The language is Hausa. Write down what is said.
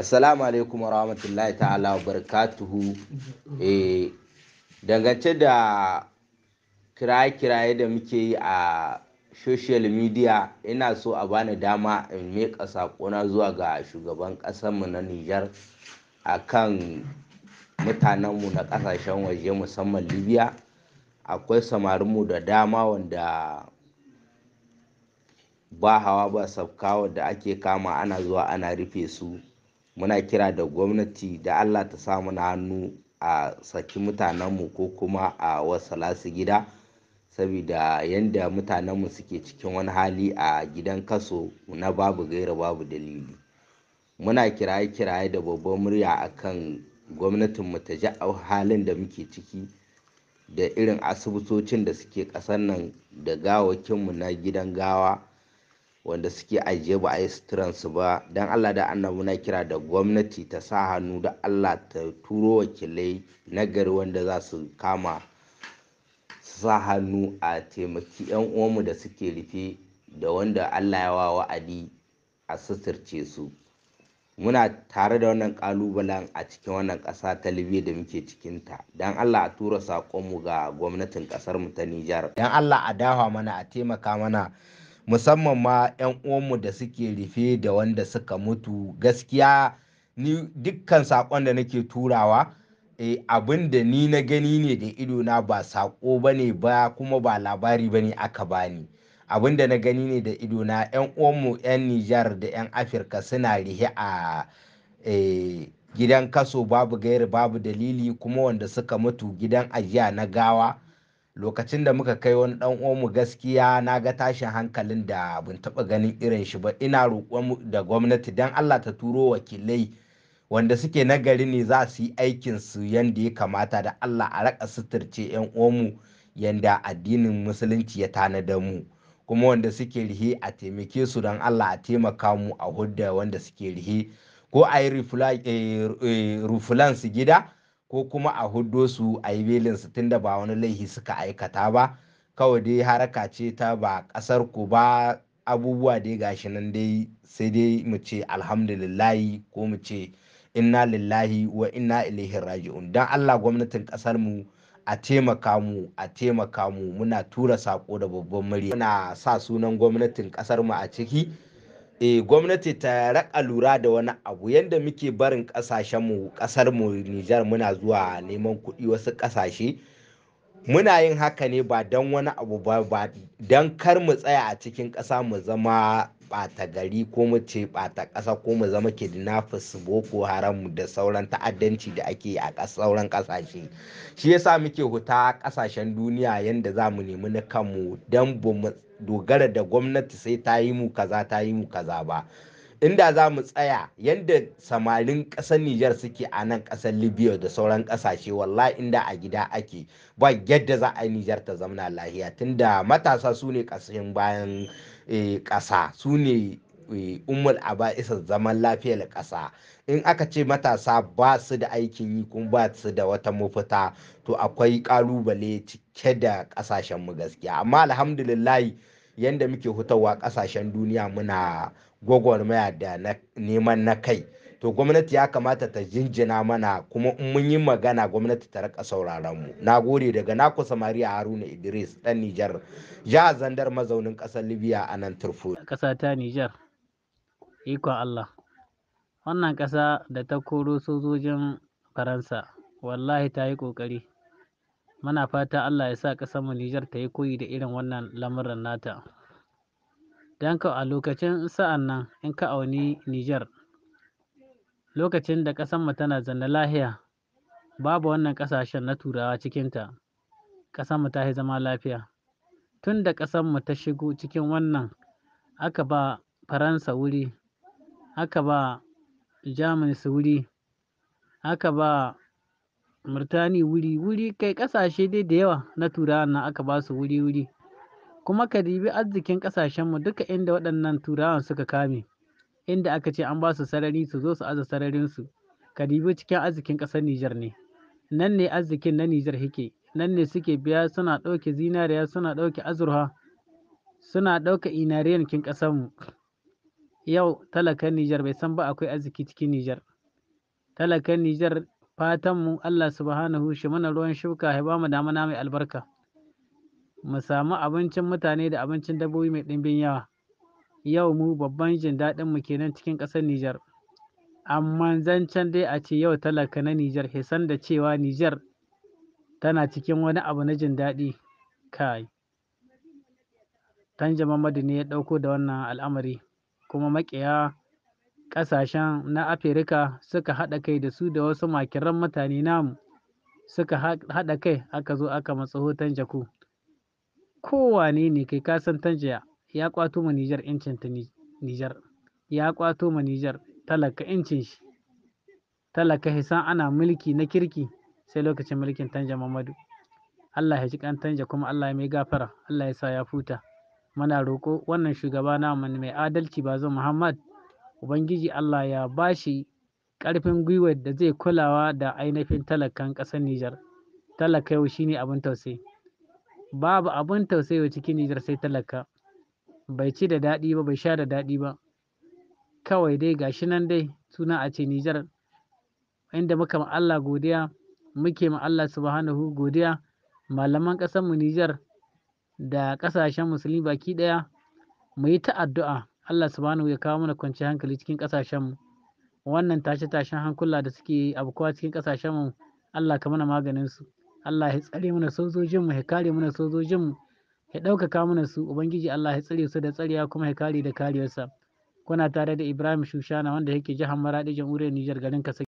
assalamu alaikum warahmatullahi ta'ala barakatuhu eh dangance da kiraye-kiraye da muke yi a social media ina so a bani dama in miƙa saƙona zuwa ga shugaban ƙasarmu na niger a kan mutanenmu na ƙasashen waje musamman libya akwai samarinmu da dama wanda ba hawa ba sabkawa da ake kama ana zuwa ana rufe su muna kira da gwamnati da allah ta sa muna hannu a saki mutanenmu ko kuma a wasu lasu gida saboda yadda mutanenmu suke cikin wani hali a gidan kaso na babu gaira babu dalili muna kiraye-kiraye da babban murya akan gwamnatinmu ta ji halin da muke ciki da irin asibitocin da suke ƙasar nan da gawakinmu na gidan gawa wanda suke ajiye ba a yi suturansu ba don allah da annabi na kira da gwamnati ta sa hannu da allah ta turo wakilai na gari wanda za su kama sa hannu a taimaki 'yan uwanmu da suke rufe da wanda allah ya wa wa'adi a suturce su muna tare da wannan kalubalen a cikin wannan ƙasa ta libya da muke cikinta don allah a tura saƙonmu ga gwamnatin ƙasarmu ta nijar don allah a dawa mana a taimaka mana musamman ma 'yan uwanmu da suke rufe da wanda suka mutu gaskiya ni dukkan saƙon da nake turawa e, abin da ni na gani ne da idona ba saƙo ba ne ba kuma ba labari ba ne aka bani abin da na gani ne da idona 'yan uwanmu 'yan nijar da 'yan afirka suna rihe a e, gidan kaso babu gairi babu dalili kuma wanda suka mutu gidan ajiya na gawa lokacin da muka kai wani dan uwanmu gaskiya na ga tashin hankalin da ban taba ganin irin shi ba ina roƙon da gwamnati don allah ta turo wakilai wanda suke nagari ne za su yi aikin su yanda ya kamata da allah a raka suturce yan uwanmu yanda addinin musulunci ya tana da mu kuma wanda suke rihe a taimake su don allah a taimaka mu a hudda wanda suke rihe ko a yi eh, eh, rufulan su gida ko kuma a huddo su a yi belinsu tunda ba wani laihi suka aikata ba kawai dai haraka ce ta ba ƙasar ku ba abubuwa dai gashi nan dai sai dai mu ce alhamdulillahi ko mu ce inna lillahi wa inna ilaihi raji'un dan Allah gwamnatin ƙasar mu a taimaka mu a taimaka mu muna tura sako da babban murya muna sa sunan gwamnatin ƙasarmu mu a ciki eh gwamnati ta raka lura da wani abu yadda muke barin kasashenmu kasar mu Nijar muna zuwa neman kuɗi wasu kasashe muna yin haka ne ba don wani abu ba ba don kar mu tsaya a cikin ƙasa mu zama ɓata gari ko mu ce ɓata ƙasa ko mu zama kidnappers boko haram da sauran ta'addanci da ake a sauran ƙasashe shi yasa muke huta ƙasashen duniya yadda za mu nemi na kanmu don mu dogara da gwamnati sai ta yi mu kaza ta yi mu kaza ba inda za mu tsaya yadda samarin ƙasar Nijar suke a nan ƙasar Libya da sauran ƙasashe wallahi inda a gida ake ba yadda za a yi Nijar ta zamana lahiya tunda matasa su ne ƙasashen bayan eh, ƙasa su ne eh, umar a ba isa zaman lafiyar ƙasa in aka ce matasa ba su da aikin yi kuma ba su da wata mafita to akwai ƙalubale cike da ƙasashenmu gaskiya amma alhamdulillah. yanda muke hutawa kasashen duniya muna gwagwarmaya da neman na kai to gwamnati ya kamata ta jinjina mana kuma mun yi magana gwamnati ta rika sauraron mu na gode daga naku samariya haruna idris dan nijar jihar zandar mazaunin kasar libya a nan turfu ƙasa ta nijar ikon allah wannan ƙasa da ta koro sojojin faransa wallahi ta yi ƙoƙari Muna fata Allah ya sa ƙasar mu Nijar ta yi koyi da irin wannan lamuran nata. Dan ka a lokacin sa'an nan in ka auni Nijar lokacin da ƙasar mu tana zanne lahiya babu wannan ƙasashen na turawa cikinta ƙasar mu ta zama lafiya. Tun da ƙasar mu ta shigo cikin wannan aka ba Faransa wuri, aka ba Jamus wuri, aka ba Murtani wuri-wuri kai ƙasashe dai da yawa na turawa nan aka ba su wuri-wuri. Kuma ka ribi arzikin ƙasashenmu duka inda waɗannan turawan suka kame, inda aka ce an ba su sarari su zo su aza sararinsu. Ka ribi cikin arzikin ƙasar Nijar ne. Nan ne arzikin na Nijar hike Nan ne suke biya suna ɗauke zinariya suna ɗauke azurfa suna ɗauka inariyan kin ƙasarmu. Yau talakan Nijar bai san ba akwai arziki cikin Nijar. Talakan Nijar fatan mu Allah subhanahu shi mana ruwan shuka ya bamu damana mai albarka mu samu abincin mutane da abincin dabbobi mai ɗimbin yawa yau mu babban jin daɗin mu kenan cikin ƙasar Nijar amma zancen dai a ce yau talaka na Nijar hisan da cewa Nijar tana cikin wani abu na jin daɗi kai Mamadu ne ya ɗauko da wannan al'amari kuma maƙiya ƙasashen na afirka suka haɗa kai da su da wasu makiran mutane namu suka haɗa kai aka zo aka matsaho jaku kowane ne kai kasan tanjiya ya kwato ma nijar incin ta nijar ya kwato ma nijar talaka incin shi talaka hisan ana mulki na kirki sai lokacin mulkin tanja mamadu allah ya ji kan tanja kuma allah ya mai gafara allah ya sa ya futa muna roƙo wannan shugaba na mai adalci bazan muhammad ubangiji allah ya ba shi ƙarfin gwiwar da zai kulawa da ainihin talakan ƙasar nijar talaka yau shine abin tausayi babu abin tausayi cikin nijar sai talaka bai ci da daɗi ba bai sha da daɗi ba kawai dai ga shi nan dai suna a ce nijar inda muka ma allah godiya muke ma allah subhanahu godiya malaman ƙasarmu nijar da ƙasashen musulmi baki ɗaya mu yi ta addu'a Allah subhanahu ya kawo mana kwanciyar hankali cikin kasashen mu wannan tashe tashen hankula da suke abkuwa cikin kasashen mu Allah ka mana maganin su Allah ya tsare mana sojojin mu ya kare mana sojojin mu ya ɗaukaka mana su ubangiji Allah ya tsare su da tsariya kuma ya kare da kariyarsa kuna tare da Ibrahim Shushana wanda yake jihar Maradi jamhuriyar Nijar garin Kasa